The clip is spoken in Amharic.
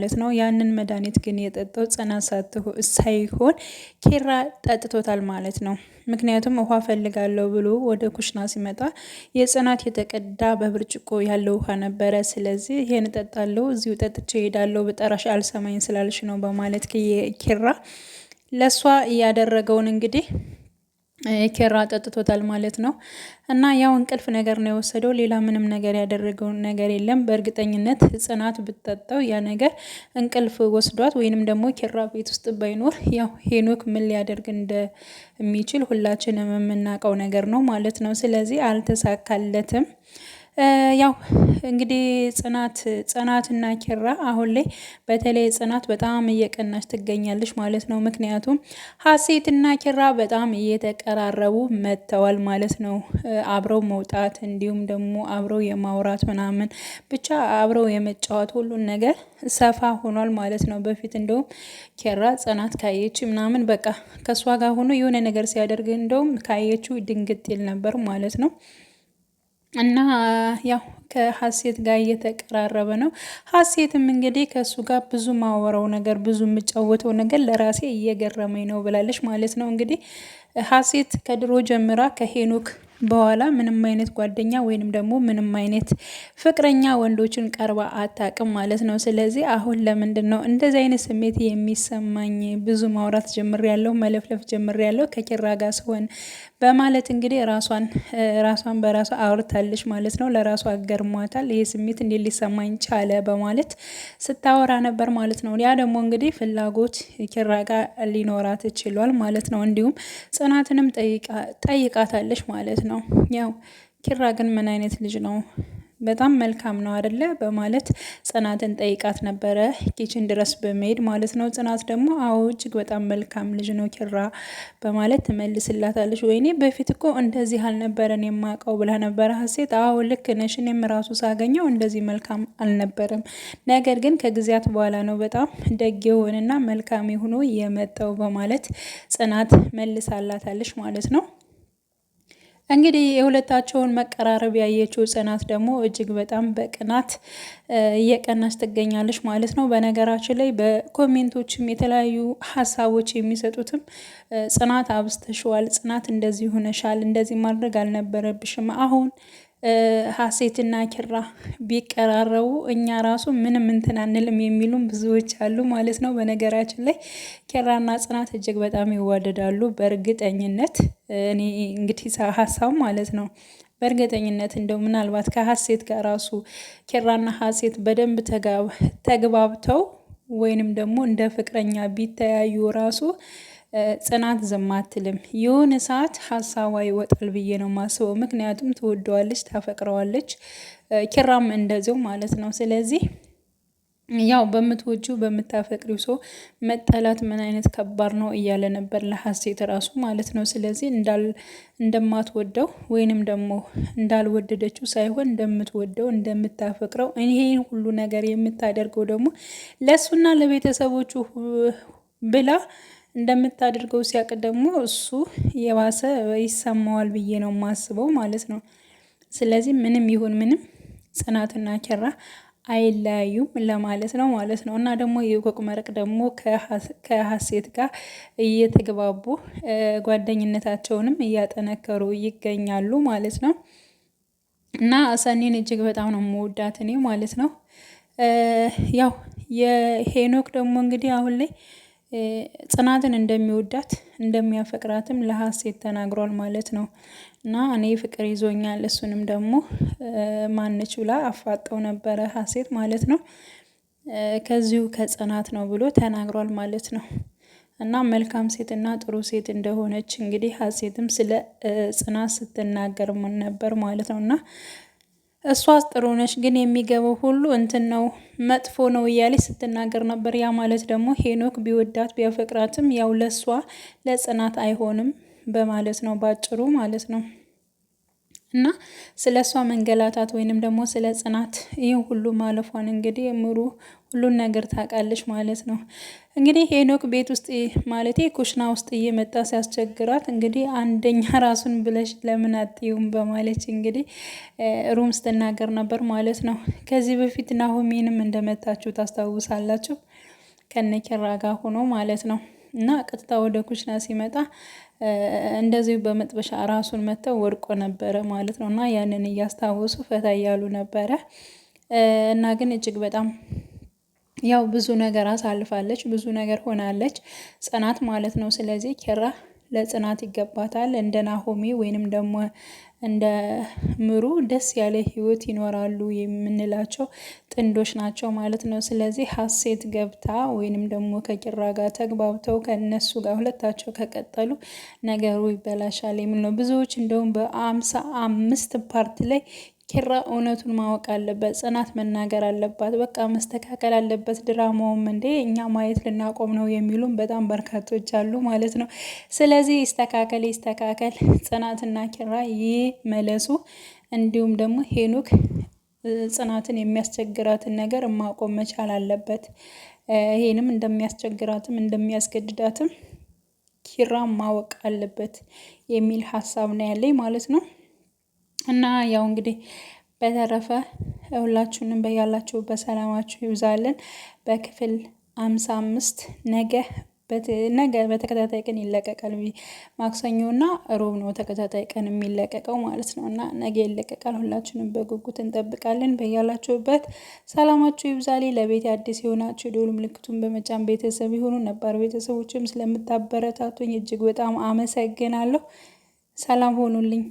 ማለት ነው። ያንን መድኃኒት ግን የጠጣው ጽናት ሳይሆን ኪራ ጠጥቶታል ማለት ነው። ምክንያቱም ውሃ ፈልጋለሁ ብሎ ወደ ኩሽና ሲመጣ የጽናት የተቀዳ በብርጭቆ ያለው ውሃ ነበረ። ስለዚህ ይህን እጠጣለሁ፣ እዚሁ ጠጥቼ እሄዳለሁ፣ በጠራሽ አልሰማኝ ስላልሽ ነው በማለት ኪራ ለእሷ እያደረገውን እንግዲህ ኬራ ጠጥቶታል ማለት ነው። እና ያው እንቅልፍ ነገር ነው የወሰደው። ሌላ ምንም ነገር ያደረገው ነገር የለም። በእርግጠኝነት ጽናት ብትጠጣው ያ ነገር እንቅልፍ ወስዷት ወይንም ደግሞ ኬራ ቤት ውስጥ ባይኖር ያው ሄኖክ ምን ሊያደርግ እንደሚችል ሁላችንም የምናውቀው ነገር ነው ማለት ነው። ስለዚህ አልተሳካለትም። ያው እንግዲህ ጽናት ጽናትና ኪራ አሁን ላይ በተለይ ጽናት በጣም እየቀናች ትገኛለች ማለት ነው። ምክንያቱም ሀሴትና ኪራ በጣም እየተቀራረቡ መጥተዋል ማለት ነው። አብረው መውጣት እንዲሁም ደግሞ አብረው የማውራት ምናምን ብቻ አብረው የመጫወት ሁሉን ነገር ሰፋ ሆኗል ማለት ነው። በፊት እንደውም ኪራ ጽናት ካየች ምናምን በቃ ከእሷ ጋር ሆኖ የሆነ ነገር ሲያደርግ እንደውም ካየችው ድንግጥ ይል ነበር ማለት ነው። እና ያው ከሀሴት ጋር እየተቀራረበ ነው። ሀሴትም እንግዲህ ከእሱ ጋር ብዙ ማወራው ነገር ብዙ የምጫወተው ነገር ለራሴ እየገረመኝ ነው ብላለች ማለት ነው። እንግዲህ ሀሴት ከድሮ ጀምራ ከሄኖክ በኋላ ምንም አይነት ጓደኛ ወይንም ደግሞ ምንም አይነት ፍቅረኛ ወንዶችን ቀርባ አታውቅም ማለት ነው። ስለዚህ አሁን ለምንድን ነው እንደዚህ አይነት ስሜት የሚሰማኝ? ብዙ ማውራት ጀምሬያለሁ፣ መለፍለፍ ጀምሬያለሁ ከኪራ ጋር ስሆን በማለት እንግዲህ ራሷን ራሷን በራሷ አውርታለች ማለት ነው። ለራሷ አገርሟታል። ይህ ስሜት እንዴት ሊሰማኝ ቻለ? በማለት ስታወራ ነበር ማለት ነው። ያ ደግሞ እንግዲህ ፍላጎት ኪራ ጋር ሊኖራት ችሏል ማለት ነው። እንዲሁም ጽናትንም ጠይቃታለች ማለት ነው። ነው። ያው ኪራ ግን ምን አይነት ልጅ ነው? በጣም መልካም ነው አደለ? በማለት ጽናትን ጠይቃት ነበረ፣ ኪችን ድረስ በመሄድ ማለት ነው። ጽናት ደግሞ አዎ እጅግ በጣም መልካም ልጅ ነው ኪራ በማለት ትመልስላታለች። ወይኔ በፊት እኮ እንደዚህ አልነበረን የማውቀው ብላ ነበረ ሀሴት። አዎ ልክ ነሽ፣ እኔም ራሱ ሳገኘው እንደዚህ መልካም አልነበረም። ነገር ግን ከጊዜያት በኋላ ነው በጣም ደግ የሆነና መልካም ሆኖ የመጣው በማለት ጽናት መልሳላታለች ማለት ነው። እንግዲህ የሁለታቸውን መቀራረብ ያየችው ጽናት ደግሞ እጅግ በጣም በቅናት እየቀናች ትገኛለች ማለት ነው። በነገራችን ላይ በኮሜንቶችም የተለያዩ ሀሳቦች የሚሰጡትም ጽናት አብስተሸዋል፣ ጽናት እንደዚህ ሆነሻል፣ እንደዚህ ማድረግ አልነበረብሽም አሁን ሀሴትና ኪራ ቢቀራረቡ እኛ ራሱ ምንም እንትን አንልም የሚሉም ብዙዎች አሉ ማለት ነው። በነገራችን ላይ ኪራና ጽናት እጅግ በጣም ይዋደዳሉ በእርግጠኝነት እኔ እንግዲህ ሀሳብ ማለት ነው። በእርግጠኝነት እንደው ምናልባት ከሀሴት ጋር ራሱ ኪራና ሀሴት በደንብ ተግባብተው ወይንም ደግሞ እንደ ፍቅረኛ ቢተያዩ ራሱ ጽናት ዝም አትልም። የሆነ ሰዓት ሀሳቧ ይወጣል ብዬ ነው ማስበው። ምክንያቱም ትወደዋለች፣ ታፈቅረዋለች። ኪራም እንደዚው ማለት ነው። ስለዚህ ያው በምትወጁ በምታፈቅሪው ሰው መጠላት ምን አይነት ከባድ ነው እያለ ነበር ለሀሴት ራሱ ማለት ነው። ስለዚህ እንደማትወደው ወይንም ደግሞ እንዳልወደደችው ሳይሆን እንደምትወደው እንደምታፈቅረው ይሄን ሁሉ ነገር የምታደርገው ደግሞ ለእሱና ለቤተሰቦቹ ብላ እንደምታደርገው ሲያውቅ ደግሞ እሱ የባሰ ይሰማዋል ብዬ ነው የማስበው ማለት ነው። ስለዚህ ምንም ይሁን ምንም ጽናትና ኪራ አይለያዩም ለማለት ነው ማለት ነው። እና ደግሞ የቆቅ መረቅ ደግሞ ከሀሴት ጋር እየተግባቡ ጓደኝነታቸውንም እያጠነከሩ ይገኛሉ ማለት ነው። እና ሰኔን እጅግ በጣም ነው የምወዳት እኔ ማለት ነው። ያው የሄኖክ ደግሞ እንግዲህ አሁን ላይ ጽናትን እንደሚወዳት እንደሚያፈቅራትም ለሀሴት ተናግሯል ማለት ነው። እና እኔ ፍቅር ይዞኛል እሱንም ደግሞ ማነች ብላ አፋጠው ነበረ ሀሴት ማለት ነው። ከዚሁ ከጽናት ነው ብሎ ተናግሯል ማለት ነው። እና መልካም ሴትና ጥሩ ሴት እንደሆነች እንግዲህ ሀሴትም ስለ ጽናት ስትናገር ነበር ማለት ነው እና እሷ ጥሩ ነች፣ ግን የሚገባው ሁሉ እንትን ነው መጥፎ ነው እያለች ስትናገር ነበር። ያ ማለት ደግሞ ሄኖክ ቢወዳት ቢያፈቅራትም ያው ለእሷ ለጽናት አይሆንም በማለት ነው ባጭሩ ማለት ነው። እና ስለ እሷ መንገላታት ወይንም ደግሞ ስለ ጽናት ይህ ሁሉ ማለፏን እንግዲህ ምሩ ሁሉን ነገር ታውቃለች ማለት ነው። እንግዲህ ሄኖክ ቤት ውስጥ ማለት ኩሽና ውስጥ እየመጣ ሲያስቸግራት እንግዲህ አንደኛ ራሱን ብለሽ ለምን አጥዩም በማለች እንግዲህ ሩም ስትናገር ነበር ማለት ነው። ከዚህ በፊት ናሆሚንም እንደመታችሁ ታስታውሳላችሁ ከነኪራ ጋር ሆኖ ማለት ነው። እና ቀጥታ ወደ ኩሽና ሲመጣ እንደዚሁ በመጥበሻ ራሱን መተው ወድቆ ነበረ ማለት ነው። እና ያንን እያስታወሱ ፈታ እያሉ ነበረ እና ግን እጅግ በጣም ያው ብዙ ነገር አሳልፋለች፣ ብዙ ነገር ሆናለች ጽናት ማለት ነው። ስለዚህ ኪራ ለጽናት ይገባታል። እንደ ናሆሜ ወይንም ደግሞ እንደ ምሩ ደስ ያለ ህይወት ይኖራሉ የምንላቸው ጥንዶች ናቸው ማለት ነው። ስለዚህ ሀሴት ገብታ ወይንም ደግሞ ከኪራ ጋር ተግባብተው ከነሱ ጋር ሁለታቸው ከቀጠሉ ነገሩ ይበላሻል የሚል ነው። ብዙዎች እንደውም በአምሳ አምስት ፓርት ላይ ኪራ እውነቱን ማወቅ አለበት፣ ጽናት መናገር አለባት፣ በቃ መስተካከል አለበት ድራማውም እንዴ እኛ ማየት ልናቆም ነው የሚሉም በጣም በርካቶች አሉ ማለት ነው። ስለዚህ ይስተካከል ይስተካከል፣ ጽናትና ኪራ ይመለሱ። እንዲሁም ደግሞ ሄኑክ ጽናትን የሚያስቸግራትን ነገር ማቆም መቻል አለበት። ይሄንም እንደሚያስቸግራትም እንደሚያስገድዳትም ኪራ ማወቅ አለበት የሚል ሀሳብ ነው ያለኝ ማለት ነው። እና ያው እንግዲህ በተረፈ ሁላችሁንም በያላችሁ በሰላማችሁ ይብዛለን። በክፍል አምሳ አምስት ነገ ነገ በተከታታይ ቀን ይለቀቃል። ማክሰኞ እና ሮብ ነው ተከታታይ ቀን የሚለቀቀው ማለት ነው እና ነገ ይለቀቃል። ሁላችንም በጉጉት እንጠብቃለን። በያላችሁበት ሰላማችሁ ይብዛሌ። ለቤት አዲስ የሆናችሁ የደወል ምልክቱን በመጫን ቤተሰብ የሆኑ ነባር ቤተሰቦችም ስለምታበረታቱኝ እጅግ በጣም አመሰግናለሁ። ሰላም ሆኑልኝ።